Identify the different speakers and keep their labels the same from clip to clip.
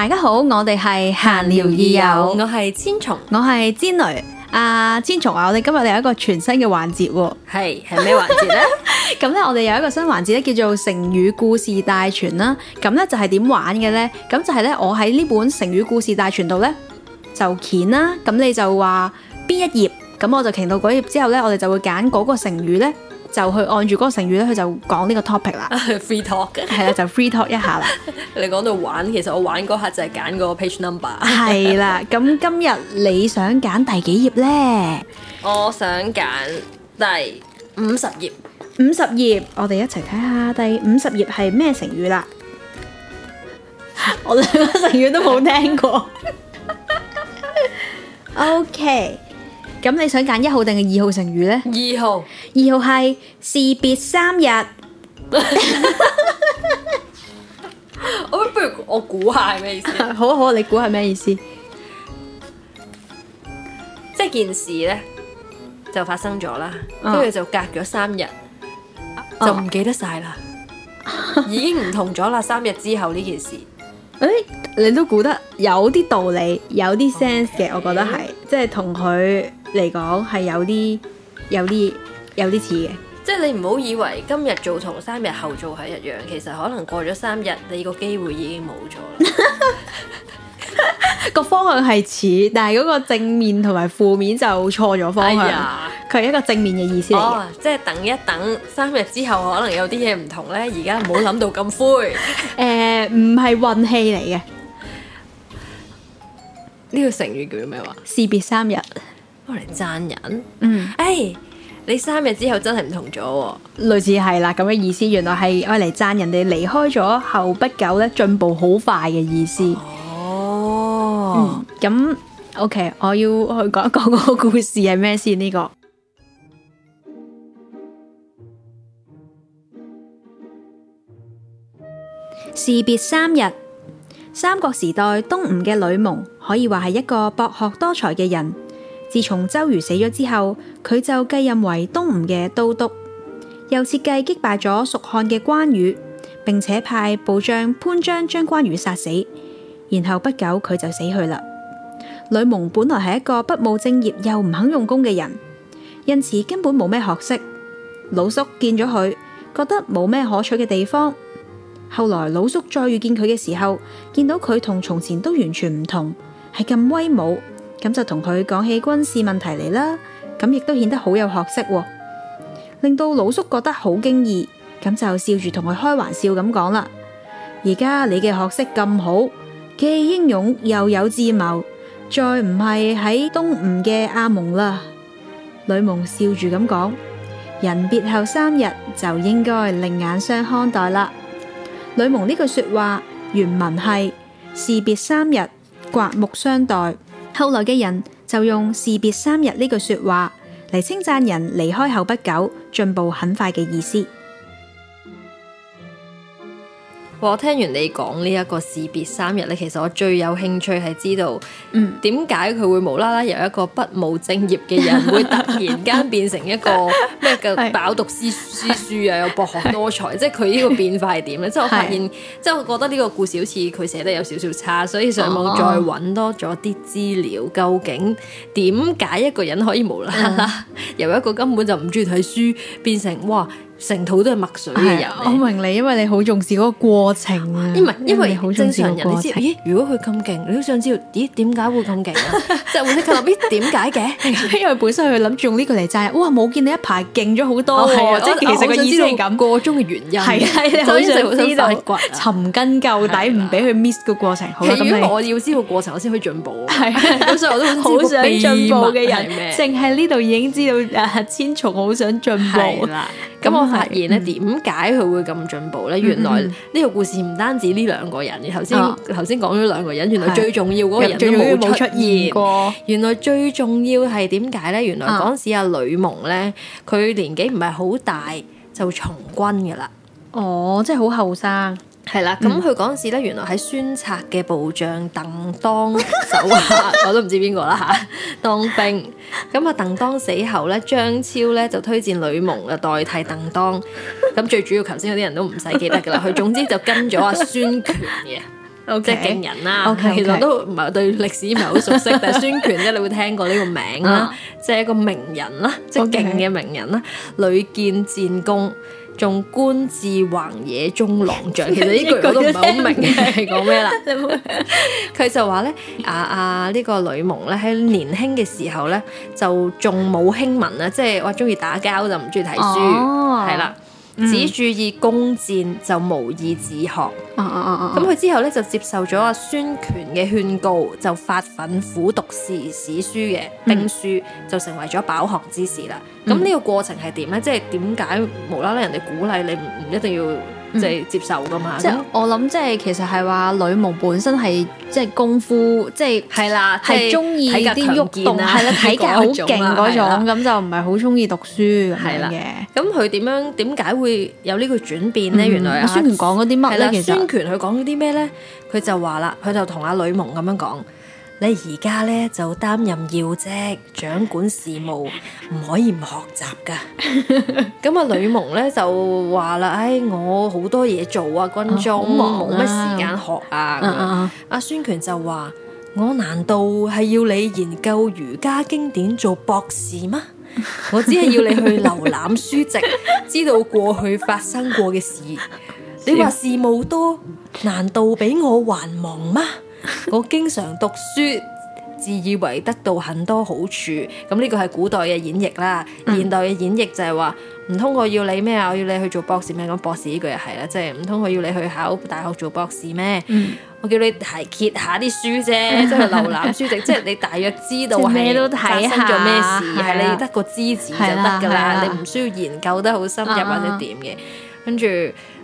Speaker 1: 大家好，我哋係閒聊二友，二友，我
Speaker 2: 係千松、 啊，
Speaker 1: 我係千雷。阿千松啊，我哋今日有一個全新嘅環節，係係咩環節呢？咁咧，我哋有一個新環節咧，叫做成語故事大全啦。咁咧就係點玩嘅呢？咁就係咧，我喺呢本成語故事大全度呢，就鉗啦。咁你就話邊一頁，咁我就鉗到嗰頁之後呢，我哋就會揀嗰個成語呢。就去按住嗰個成語咧，佢就講呢個 topic 啦。
Speaker 2: free talk 係啦，
Speaker 1: 就 free talk 一下啦。
Speaker 2: 你講到玩，其實我玩嗰下就係揀個 page number。係
Speaker 1: 啦，咁今日你想揀第幾頁呢？
Speaker 2: 我想揀第五十頁。
Speaker 1: 五十頁，我哋一齊睇下第五十頁係咩成語啦。我兩個成語都冇聽過。Okay。咁你想揀一號定係二號成語呢？二號，二號係士別三日。
Speaker 2: 我 不如
Speaker 1: 我估下係咩意, 意思？好啊好啊，你估下係咩意思？
Speaker 2: 即係件事呢，就發生咗啦，跟住、嗯、就隔咗三日，嗯、就唔記得晒啦，哦、 已經唔同咗啦。三日之後呢件
Speaker 1: 事，誒、哎，你都估得有啲道理，有啲 sense 嘅，Okay 我覺得係。即係同佢嚟講係有啲有啲有啲似嘅，即
Speaker 2: 係你唔好以為今日做同三日後做係一樣，其實可能過咗三日，你個機會已經冇咗啦。
Speaker 1: 個方向係似，但係嗰個正面同埋負面就錯咗方向。佢係、哎、呀一個正面嘅意思嚟、oh,
Speaker 2: 即係等一等，三日之後可能有啲嘢唔同呢。而家唔好諗到咁灰，
Speaker 1: 誒、 呃，唔係運氣嚟嘅。呢個成語叫咩話？士別三日，用嚟讚人。嗯，哎，你三日之後真係唔同咗，類似係啦，咁嘅意思。原來係用嚟讚人哋離開咗後不久咧，進步好快嘅意思。哦，咁、嗯、OK，我要去講一講個故事係咩先呢個？士別三日。三國時代東吳嘅呂蒙可以話係一個博學多才嘅人。自從周瑜死咗之後，佢就繼任為東吳嘅都督，又設計擊敗咗蜀漢嘅關羽，並且派部將潘璋將關羽殺死。然後不久，佢就死去啦。呂蒙本來係一個不務正業又唔肯用功嘅人，因此根本冇咩學識。老叔見咗佢，覺得冇咩可取嘅地方。後來魯肅再遇見佢嘅時候，見到佢同從前都完全唔同，係咁威武，咁就同佢講起軍事問題嚟啦。咁亦都顯得好有學識，令到魯肅覺得好驚異，咁就笑住同佢開玩笑咁講啦。而家你嘅學識咁好，既英勇又有智謀，再唔係喺東吳嘅阿蒙啦。呂蒙笑住咁講：人別後三日就應該另眼相看待啦。呂蒙呢句說話原文係“士別三日，刮目相待”，後來嘅人就用“士別三日”呢句說話嚟稱讚人離開後不久進步很快嘅意思。
Speaker 2: 我聽完你講呢一個士別三日咧，其實我最有興趣係知道點解佢會無啦啦由一個不務正業嘅人，會突然間變成一個咩嘅飽讀詩詩書啊，又博學多才，即係佢呢個變化係點咧？即係我發現，即係我覺得呢個故事好似佢寫得有少少差，所以上網再揾多咗啲資料，究竟點解一個人可以無啦啦由一個根本就唔中意睇書變成哇？成肚都係墨水嘅人，
Speaker 1: 我明你，因為你好重視嗰個過程啊。唔係，因為正常人你知，咦？如果佢咁勁，你都想知，咦？點解會咁勁？即係會諗，咦？點解嘅？因為本身佢諗住用呢個嚟賺，哇！冇見你一排勁咗好多，即係其實個意思係咁。過中嘅原因，係，所以就好想發掘，尋根究底，唔俾佢 miss 個過程。好，我要知個過程，我先可以進步。咁所以我都好想進步嘅人，淨係呢度已經知道啊！千蟲好想進步啦。
Speaker 2: 咁我、嗯、發現咧，點解佢會咁進步咧？原來呢個故事唔單止呢兩個人，頭先頭先講咗兩個人，原來最重要嗰個人冇出現過。原來最重要係點解咧？原來嗰時阿呂蒙咧，佢年紀唔係好大就從軍噶啦。哦，即係好後生。係啦，咁佢嗰陣時咧，原來喺孫策嘅部將鄧當手下， 我都唔知邊個啦吓，當兵。咁啊鄧當死後咧，張超咧就推薦呂蒙啊代替鄧當。咁最主要，頭先有啲人都唔使記得噶啦。佢總之就跟咗阿孫權嘅， 即係勁人啦。Okay, okay, okay. 其實都唔係對歷史唔係好熟悉，但係孫權咧你會聽過呢個名啦， 即係一個名人啦，即係勁嘅名人啦，屢 Okay. 建戰功。仲官至橫野中郎將，其實呢句我都唔係好明係講咩啦。佢就話咧，阿、啊、阿、啊這個、呢個呂蒙咧喺年輕嘅時候咧就仲冇興文啦，即係話中意打交就唔中意睇書係啦。哦只注意攻戰就無意自學，
Speaker 1: 咁佢，啊啊啊、之
Speaker 2: 後呢，就接受咗阿孫權嘅勸告，就發奮苦讀史史書嘅兵書，嗯、就成為咗飽學之士啦。咁呢個過程係點呢？即係點解無啦啦人哋鼓勵你唔一定要？即係接受噶嘛？即係
Speaker 1: 我諗，即係其實係話呂蒙本身係即係功夫，即係係啦，係中意啲喐動係啦，體格好勁嗰種，咁就唔係好中意讀書係啦，咁樣嘅。
Speaker 2: 咁佢點樣？點解會有呢個轉變咧？原來孫權
Speaker 1: 講咗啲乜咧？其實孫
Speaker 2: 權佢講咗啲咩咧？佢就話啦，佢就同阿呂蒙咁樣講。你而家咧就擔任要職，掌管事務，唔可以唔學習噶。咁啊， 呂蒙咧就話啦：唉，我好多嘢做啊，軍裝、啊、忙、啊，冇乜時間學啊。阿孫權就話：我難道係要你研究儒家經典做博士嗎？ 我只係要你去瀏覽書籍，知道過去發生過嘅事。 你話事務多，難道比我還忙嗎？ 我經常讀書，自以為得到很多好處。咁呢個係古代嘅演繹啦，現代嘅演繹就係話唔通我要你咩啊？我要你去做博士咩？咁博士呢句又係啦，即係唔通我要你去考大學做博士咩？ 我叫你係揭下啲書啫， 即係瀏覽書籍，即係你大約知道係發生咗咩事，係 你得個知字就得噶啦， 你唔需要研究得好深入或者點嘅，跟住。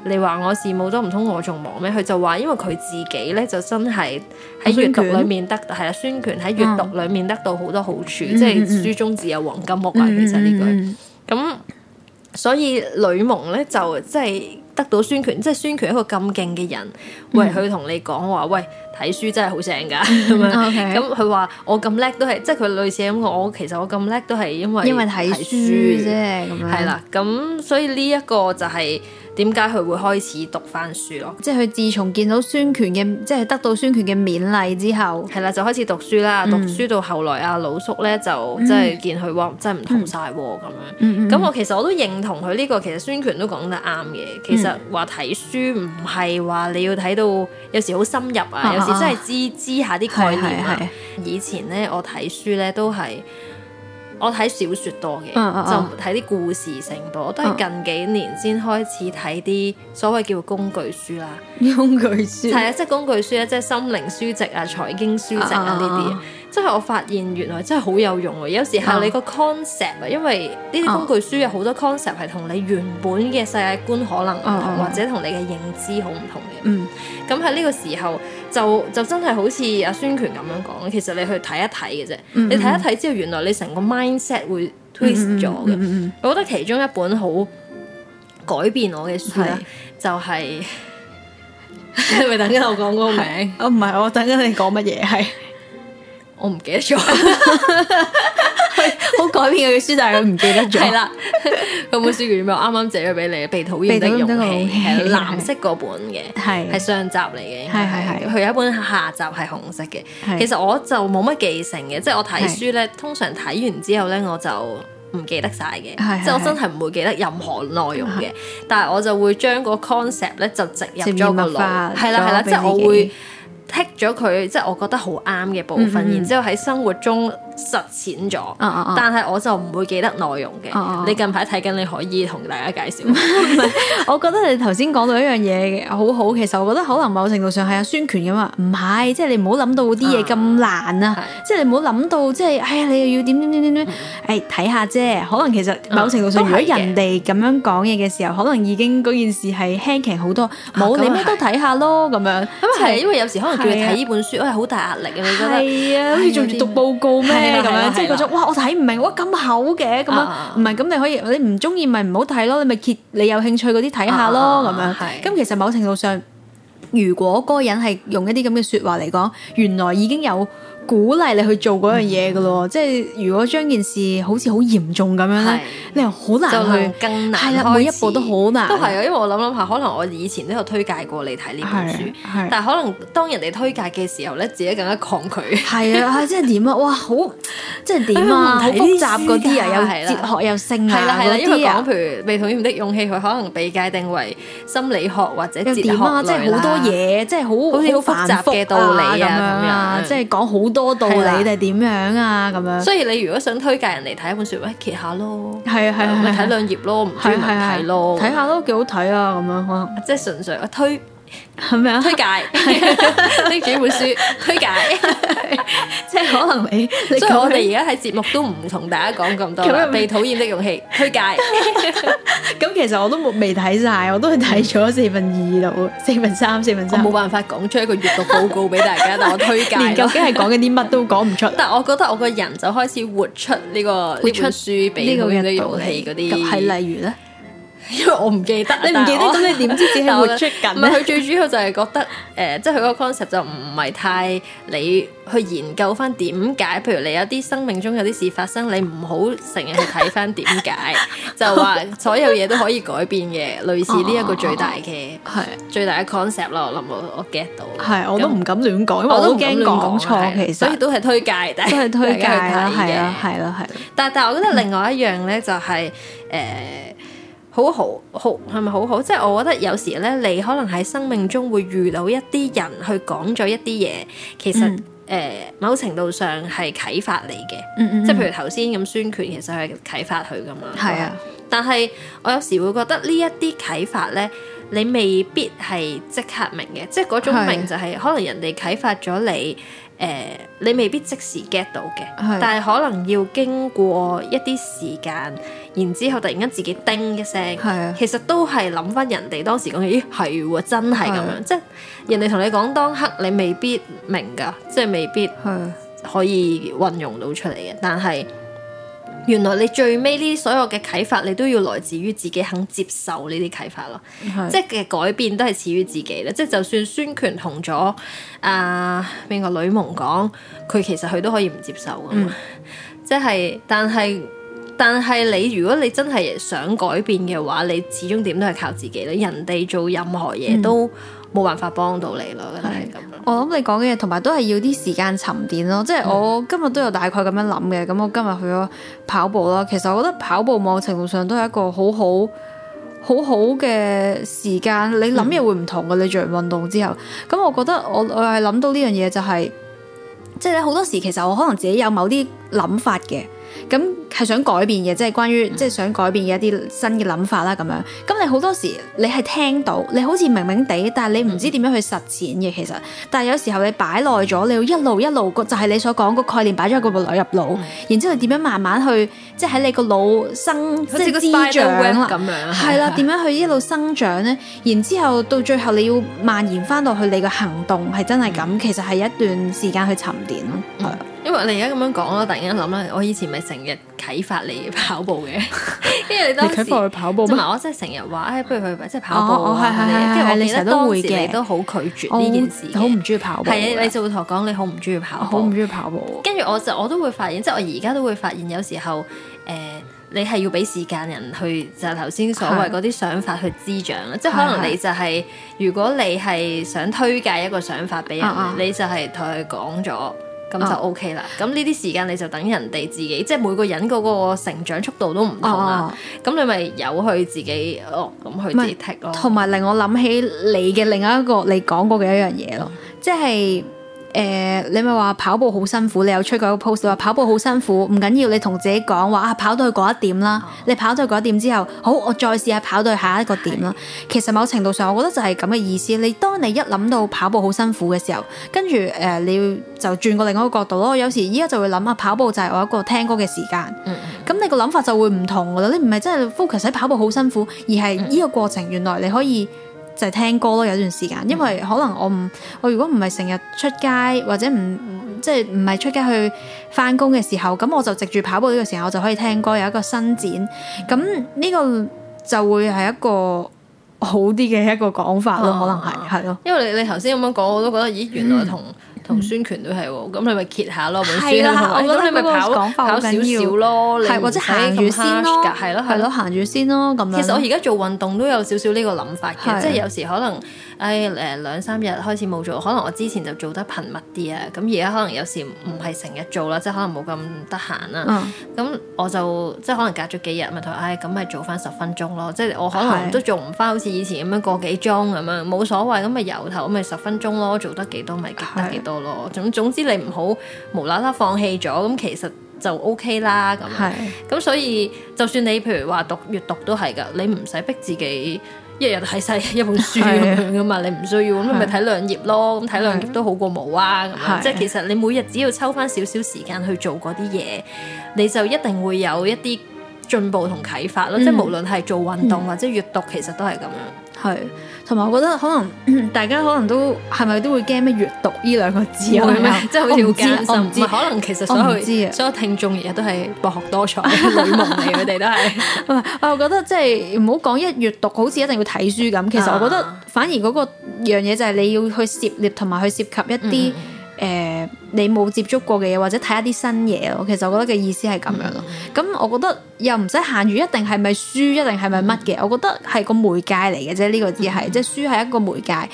Speaker 2: 你話我事務多，唔通我仲忙咩？佢就話，因為佢自己咧就真係喺閱讀裏面得係啦。孫權喺閱讀裏面得到好多好處，即係、嗯嗯嗯、書中自有黃金屋啊！其實呢句咁，所以呂蒙咧就即係得到孫權，即係孫權一個咁勁嘅人嗯嗯喂。喂，佢同你講話，喂，睇書真係好正噶咁佢話我咁叻都係，即係佢類似咁，我其實我咁叻都係因為因為睇書啫。咁樣係啦。咁所以呢一個就係、是。點解佢會開始讀翻書咯？
Speaker 1: 即係佢自從見到孫權嘅，即係得到孫權嘅勉勵之後，係啦，就開始讀書啦。嗯、讀書到後來阿老叔
Speaker 2: 咧就即係見佢、嗯、真係唔同晒喎咁樣。咁、嗯嗯、我其實我都認同佢呢、呢個，其實孫權都講得啱嘅。其實話睇書唔係話你要睇到有時好深入啊，嗯、有時真係知知下啲概念啊。以前咧我睇書咧都係。我睇小說多嘅，uh uh uh. 就唔睇啲故事性多。我都係近幾年先開始睇啲所謂叫工具書啦，
Speaker 1: 工具書係啊，即係
Speaker 2: 工具書、就是、啊，即係心靈書籍啊，財經書籍啊呢啲。即係我發現原來真係好有用，有時候你個 concept，啊、因為呢啲工具書有好多 concept 係同你原本嘅世界觀可能唔同，啊啊、或者同你嘅認知好唔同嘅。咁喺呢個時候就就真係好似阿孫權咁樣講，其實你去睇一睇嘅啫，你睇一睇之後原來你成個 mindset 會 twist 咗嘅。我覺得其中一本好改變我嘅書就係你係咪等緊我講
Speaker 1: 個名？ 我唔係，我等緊你講乜嘢？係。我唔記得咗，好改變佢嘅書，但係佢唔記得咗。係啦，嗰本書原本啱啱
Speaker 2: 借咗俾你，被討厭的勇氣，藍色嗰本嘅，係係上集嚟嘅，係係係。佢有一本下集係紅色嘅，其實我就冇乜記性嘅，即係我睇書咧，通常睇完之後咧，我就唔記得晒嘅，即係我真係唔會記得任何內容嘅，但係我就會將個 concept 咧就植入咗個腦，係啦係啦，即係我會。剔咗佢，即係、就是、我覺得好啱嘅部分，嗯嗯，然之後喺生活中。實踐咗，但係我就唔會記得內容嘅。你近排睇緊，你可以同大家介
Speaker 1: 紹。我覺得你頭先講到一樣嘢好好。其實我覺得可能某程度上係阿孫權咁啊，唔係，即係你唔好諗到啲嘢咁難啊，即係你唔好諗到，即係哎呀，你又要點點點點點，誒睇下啫。可能其實某程度上，如果人哋咁樣講嘢嘅時候，可能已經嗰件事係輕鬆好多。冇，你咩都睇下咯，咁樣咁係，因為有時可能叫你睇呢本書，哎，好大壓力啊，你覺得係啊，好似仲要讀報告咩？咁、 嗯、樣？即係嗰種哇！我睇唔明，哇咁厚嘅咁樣，唔係咁你可以，你唔中意咪唔好睇咯，你咪揭你有興趣嗰啲睇下咯咁樣。咁其實某程度上，如果嗰個人係用一啲咁嘅説話嚟講，原來已經有。鼓勵你去做嗰樣嘢噶咯，即係如果將件事好似好嚴重咁樣咧，你又好難去更難係啦，每一步都好難，都係啊。因
Speaker 2: 為我諗諗下，可能我以前都有推介過你睇呢本書，但係可能當人哋推介嘅時候咧，自己更加抗拒。係啊，
Speaker 1: 即係點啊？哇，好
Speaker 2: 即係點啊？好複雜嗰啲啊，又有哲學又性啊，係啦，因為講譬如被討厭的勇氣，佢可能被界定為心理學或者哲點啊？即係好多嘢，
Speaker 1: 即係好似好複雜嘅道理咁樣，即係講好。多道理定係點樣啊？咁樣，所以
Speaker 2: 你如果想推介人嚟睇一本書，喂，揭下咯，
Speaker 1: 係啊係啊，咪睇兩頁咯，唔專門睇咯，睇下都幾好睇啊咁樣啊，樣嗯、即係純粹啊推。係咪啊？推介
Speaker 2: 呢幾本書推介，即係 可能你，所以我哋而家睇節目都唔同大家講咁多啦。被討厭的勇氣推介。
Speaker 1: 咁、 嗯、 其實我都冇未睇晒，我都係睇咗四分二度，四分三，四分三。冇辦法講出一個閱讀報告俾大家， 但我推介。究竟係講緊啲乜都講唔出。 但係我覺得我個人就開
Speaker 2: 始活出呢、這個活出書俾我嘅勇氣啲。係例如咧？因為我唔記得，你唔記得咁，你點知之後咧？唔係佢最主要就係覺得，誒，即係佢個 concept 就唔係太你去研究翻點解。譬如你有啲生命中有啲事發生，你唔好成日去睇翻點解，就話所有嘢都可以改變嘅。類似呢一個最大嘅係最大嘅 concept 咯。我諗我我 get 到，係我都唔
Speaker 1: 敢亂講，因為我都驚講錯。其實所以都
Speaker 2: 係推介，但係推介啦，係咯，係咯，係。但但係我覺得另外一樣咧，就係誒。好好好，係咪好好？即係我覺得有時咧，你可能喺生命中會遇到一啲人去講咗一啲嘢，其實誒、嗯呃、某程度上係啟發你嘅。嗯，嗯嗯，即係譬如頭先咁，孫權其實係啟發佢㗎嘛。係啊、嗯嗯嗯，但係我有時會覺得呢一啲啟發咧。你未必係即刻明嘅，即係嗰種明就係可能人哋啟發咗你，誒的、呃，你未必即時 get 到嘅，的但係可能要經過一啲時間，然之後突然間自己叮一聲，的其實都係諗翻人哋當時講嘅，咦係喎，真係咁樣，的即人哋同你講當刻，你未必明噶，即係未必可以運用到出嚟嘅，但係。原來你最尾呢，所有嘅啟發，你都要來自於自己肯接受呢啲啟發咯，是即係改變都係始於自己咧。即係就算孫權同咗啊邊個呂蒙講，佢其實佢都可以唔接受噶嘛，嗯、即係但係。但係你如果你真係想改變嘅話，你始終點都係靠自己啦。人哋做任何嘢都冇辦法幫到你咯。嗯、係咁。
Speaker 1: 我諗你講嘅嘢，同埋都係要啲時間沉澱咯。即係我今日都有大概咁樣諗嘅。咁、嗯、我今日去咗跑步啦。其實我覺得跑步某程度上都係一個好，好好好好嘅時間。你諗嘢會唔同嘅，你做完運動之後。咁、嗯、我覺得我我係諗到呢樣嘢，就係即係好多時，其實我可能自己有某啲諗法嘅。咁係、嗯、想改變嘅，即係關於即係想改變嘅一啲新嘅諗法啦，咁樣。咁你好多時你係聽到，你好似明明地，但係你唔知點樣去實踐嘅其實。但係有時候你擺耐咗，你要一路一路個就係、是、你所講個概念，擺咗個腦入腦，嗯、然之後點樣慢慢去即係喺你腦個腦生即係滋長啦，係啦、嗯，點樣去一路生長咧？嗯、然之後到最後你要蔓延翻落去你個行動係真係咁，嗯、其實係一段時間去沉澱咯，嗯嗯
Speaker 2: 你而家咁樣講咯，突然間諗啦，我以前咪成日啟發你跑步嘅，跟住你都啟發佢跑步唔係？我即係成日話，不如去即係跑步啊！係你成日都會嘅，都好拒絕呢件事，好唔中意跑步。係啊，你就會同我講，你好唔中意跑步，好唔中意跑步。跟住我就我都會發現，即係我而家都會發現，有時候誒，你係要俾時間人去就頭先所謂嗰啲想法去滋長啦。即係可能你就係，如果你係想推介一個想法俾人，你就係同佢講咗。咁就 OK 啦。咁呢啲時間你就等人哋自己，即係每個人嗰個成長速度都唔同啦。咁、哦、你咪有去自己哦，咁去跌囉。同
Speaker 1: 埋令我諗起你嘅另一個你講過嘅一樣嘢咯，嗯、即係。誒、呃，你咪話跑步好辛苦，你有出過個 post 話跑步好辛苦，唔緊要，你同自己講話啊，跑到去嗰一點啦，哦、你跑到去嗰一點之後，好，我再試下跑到去下一個點啦。的其實某程度上，我覺得就係咁嘅意思。你當你一諗到跑步好辛苦嘅時候，跟住誒，你要就轉過另外一個角度咯。有時依家就會諗啊，跑步就係我一個聽歌嘅時間。咁、嗯嗯、你個諗法就會唔同噶啦。你唔係真係 focus 喺跑步好辛苦，而係呢個過程，原來你可以。就係聽歌咯，有段時間，因為可能我唔，我如果唔係成日出街，或者唔即係唔係出街去翻工嘅時候，咁我就藉住跑步呢個時候，我就可以聽歌，有一個伸展，咁呢個就會係一個好啲嘅一個講法咯，啊、可能係，係咯，
Speaker 2: 因為你你頭先咁樣講，我都覺得咦，原來同、嗯。同孫權都係喎，咁、嗯、你咪揭下咯，冇孫權啦，說我覺得你咪跑法跑少少咯，的你或者行住先咯，係咯，係咯，行遠先咯，
Speaker 1: 行住先咯咁了的樣。其實我而家
Speaker 2: 做運動都有少少呢個諗法嘅，的即係有時可能。誒誒、哎、兩三日開始冇做，可能我之前就做得頻密啲啊，咁而家可能有時唔係成日做啦，即係可能冇咁得閒啦。咁、嗯、我就即係可能隔咗幾日，咪同佢誒咁咪做翻十分鐘咯，即係我可能都做唔翻好似以前咁樣個幾鐘咁樣，冇所謂咁咪由頭咁咪十分鐘咯，做得幾多咪得幾多咯。總是 總之你唔好無啦啦放棄咗，咁其實就 OK 啦。咁係。咁是 所以就算你譬如話讀閱讀都係噶，你唔使逼自己。一日睇晒一本書咁樣噶嘛，的你唔需要咁，你咪睇兩頁咯，咁睇兩頁都好過冇啊！咁的即係其實你每日只要抽翻少少時間去做嗰啲嘢，你就一定會有一啲進步同啟發咯。嗯、即係無論係做運動或者閱
Speaker 1: 讀，嗯、其實都係咁樣係。同埋，我覺得可能大家可能都係咪都會驚咩？閱讀呢兩個字啊，嗎嗯、即係好似好艱深，甚至可能其實所有
Speaker 2: 所有聽眾而家
Speaker 1: 都係博學多才 女夢嚟，佢哋 都係。 我覺得即係唔好講一閱讀，好似一定要睇書咁。其實我覺得反而嗰個樣嘢就係你要去涉獵同埋去涉及一啲、嗯。誒、呃，你冇接觸過嘅嘢，或者睇一啲新嘢咯。其實我覺得嘅意思係咁樣咯。咁、嗯嗯、我覺得又唔使限住一定係咪書，一定係咪乜嘅。我覺得係個媒介嚟嘅啫，呢、這個只係，即係書係一個媒介。咁、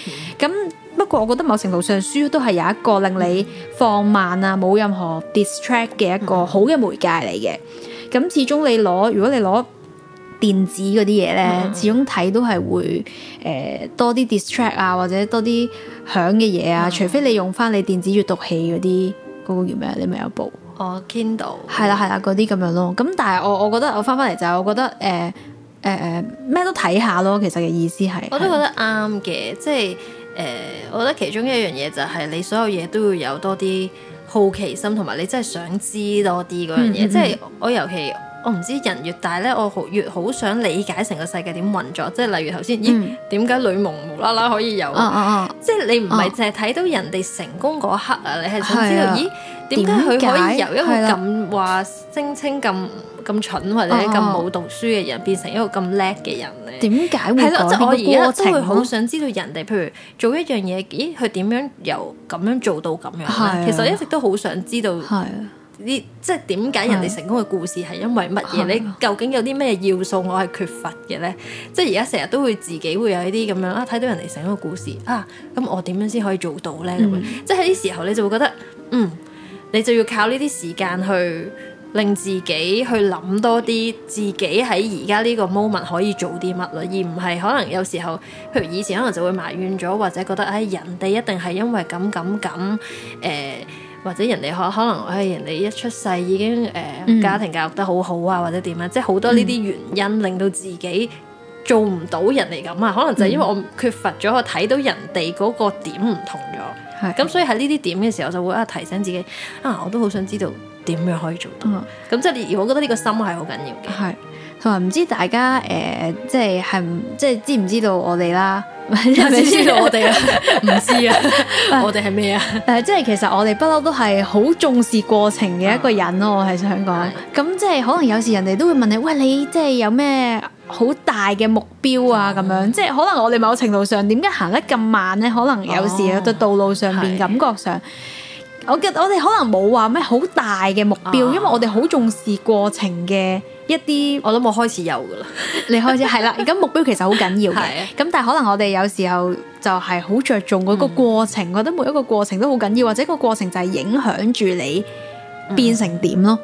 Speaker 1: 嗯、不過我覺得某程度上書都係有一個令你放慢啊，冇任何 distract 嘅一個好嘅媒介嚟嘅。咁始終你攞，如果你攞。電子嗰啲嘢咧，嗯、始終睇都係會誒、呃、多啲 distract 啊，或者多啲響嘅嘢啊，嗯、除非你用翻你電子閲讀器嗰啲嗰個叫咩、哦、啊？你咪有部哦 Kindle，係啦係啦嗰啲咁樣咯。咁但係我我覺得我翻翻嚟就係、是、我覺得誒誒誒咩都睇下咯。其實嘅意思係我都覺
Speaker 2: 得啱嘅，啊、即係誒、呃，我覺得其中一樣嘢就係你所有嘢都要有多啲好奇心，同埋你真係想知多啲嗰樣嘢。嗯嗯即係我尤其。嗯嗯我唔知人越大咧，我好越好想理解成個世界點運作，即係例如頭先，咦點解呂蒙無啦啦可以有？即係你唔係淨係睇到人哋成功嗰刻啊，你係想知道咦點解佢可以由一個咁話聲稱咁咁蠢或者咁冇讀書嘅人，變成一個咁叻嘅人咧？點解會係咯？即係我而家都會好想知道人哋，譬如做一樣嘢，咦佢點樣由咁樣做到咁樣？其實一直都好想知道。你即係點解人哋成功嘅故事係因為乜嘢？你究竟有啲咩要素我係缺乏嘅呢？即係而家成日都會自己會有啲咁樣啊，睇到人哋成功嘅故事啊，咁我點樣先可以做到呢？咁樣、嗯、即係啲時候你就會覺得，嗯，你就要靠呢啲時間去令自己去諗多啲，自己喺而家呢個 moment 可以做啲乜咯，而唔係可能有時候譬如以前可能就會埋怨咗，或者覺得唉、哎、人哋一定係因為咁咁咁誒。或者人哋可可能，唉，人哋一出世已經誒、呃嗯、家庭教育得好好啊，或者點啊，即係好多呢啲原因、嗯、令到自己做唔到人哋咁啊，可能就係因為我缺乏咗、嗯，我睇到人哋嗰個點唔同咗，咁所以喺呢啲點嘅時候就會啊提醒自己啊，我都好想知道
Speaker 1: 點樣可以做
Speaker 2: 到，咁、嗯、即係我覺得呢個心係好緊要嘅。
Speaker 1: 係同埋唔知大家誒、呃，即係係唔即係知唔知道我哋啦？係知道我哋 啊？
Speaker 2: 唔知啊，
Speaker 1: 我哋係咩啊？誒，即係其實我哋不嬲都係好重視過程嘅一個人咯。啊、我係想講，咁的即係可能有時人哋都會問你，喂，你即係有咩好大嘅目標啊？咁樣、啊，即係可能我哋某程度上點解行得咁慢咧？可能有時喺度道路上邊感覺上，啊、我覺得我哋可能冇話咩好大嘅目標，啊、因為我哋好重視過程嘅。一啲我都冇開始有噶啦，你開始係啦。而家目標其實好緊要嘅，咁但係可能我哋有時候就係好着重嗰個過程，覺得每一個過程都好緊要，或者個過程就係影響住你變成點咯。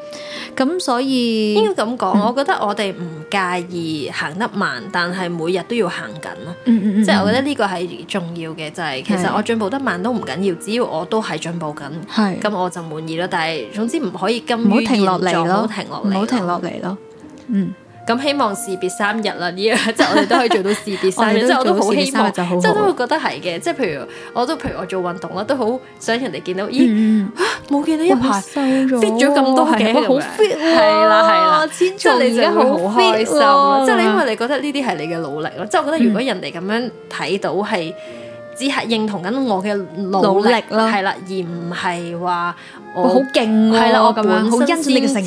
Speaker 1: 咁所以應該咁講，我覺得我哋唔介意行得慢，但係每
Speaker 2: 日都要行緊咯。即係我覺得呢個係重要嘅，就係其實我進步得慢都唔緊要，只要我都係進步緊，係咁我就滿意咯。但係總之唔可以甘於停落嚟咯，唔好
Speaker 1: 停落嚟咯。
Speaker 2: 嗯，咁希望士別三日啦，呢樣即係我哋都可以做到士別三日，即係我都好希望，即係都會覺得係嘅。即係譬如，我都譬如我做運動啦，都好想人哋見到，咦，冇見到一排瘦咗咗咁多嘅，咁樣 fit，係啦係啦，真係而家好開心咯。即係你因為你覺得呢啲係你嘅努力咯。即係我覺得如果人哋咁樣睇到係。只係認同緊我嘅努力啦，係啦，而唔係話我好勁，係啦，啊、了我咁樣好本欣賞你嘅成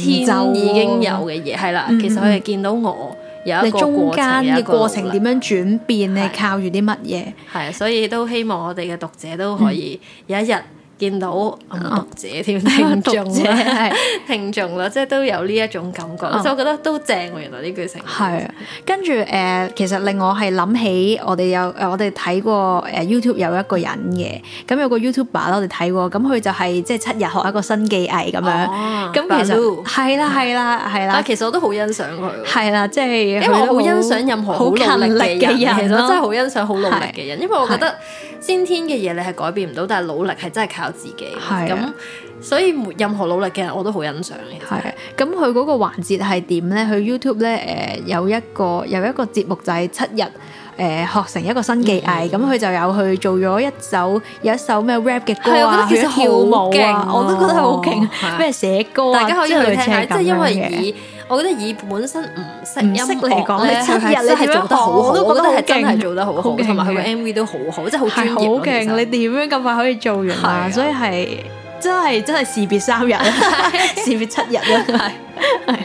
Speaker 2: 就已經有嘅嘢，係啦、嗯。其實佢哋見到我
Speaker 1: 有一個過程嘅一個歷程，點樣轉變，你靠住啲乜嘢？
Speaker 2: 係所以都希望我哋嘅讀者都可以有一日、嗯。見到、嗯、讀者添、嗯、聽眾啦，者是聽眾啦，即係都有呢一種感覺。所以、嗯、我覺得都正喎，原來呢句成語。係
Speaker 1: 啊，跟住誒、呃，其實令我係諗起我哋有誒，我哋睇過誒、呃、YouTube 有一個人嘅，咁有個 YouTuber 啦，我哋睇過，咁佢就係即係七日學一個新技藝咁樣。咁、哦、其實係啦，係啦，係啦。其實我都好欣賞佢。係啦、啊，即、就、係、是、因為我好欣賞任何好勤力嘅人，其實我真係好
Speaker 2: 欣賞好努力嘅人、啊啊，因為我覺得先天嘅嘢你係改變唔到，但係努力係真係靠我自己，咁的所以任何努力嘅人，我都好欣賞嘅。
Speaker 1: 係，咁佢嗰個環節係點呢？佢 YouTube 咧，誒、呃，有一個有一個節目就係、是、七日。誒學成一個新技藝，咁佢就有去做咗一首有一首咩 rap 嘅歌啊，佢跳舞啊，我都覺得佢好勁，咩寫歌，大家可以去聽下，即係因為以
Speaker 2: 我覺得以本身唔識音識嚟講咧，七日你係做得好好，我都覺得係真係做得好好，同埋佢個 MV
Speaker 1: 都好好，真係好專業，好勁！你點樣咁快可以做完啊？所以係真係真係士別三日，士別七日啊！係。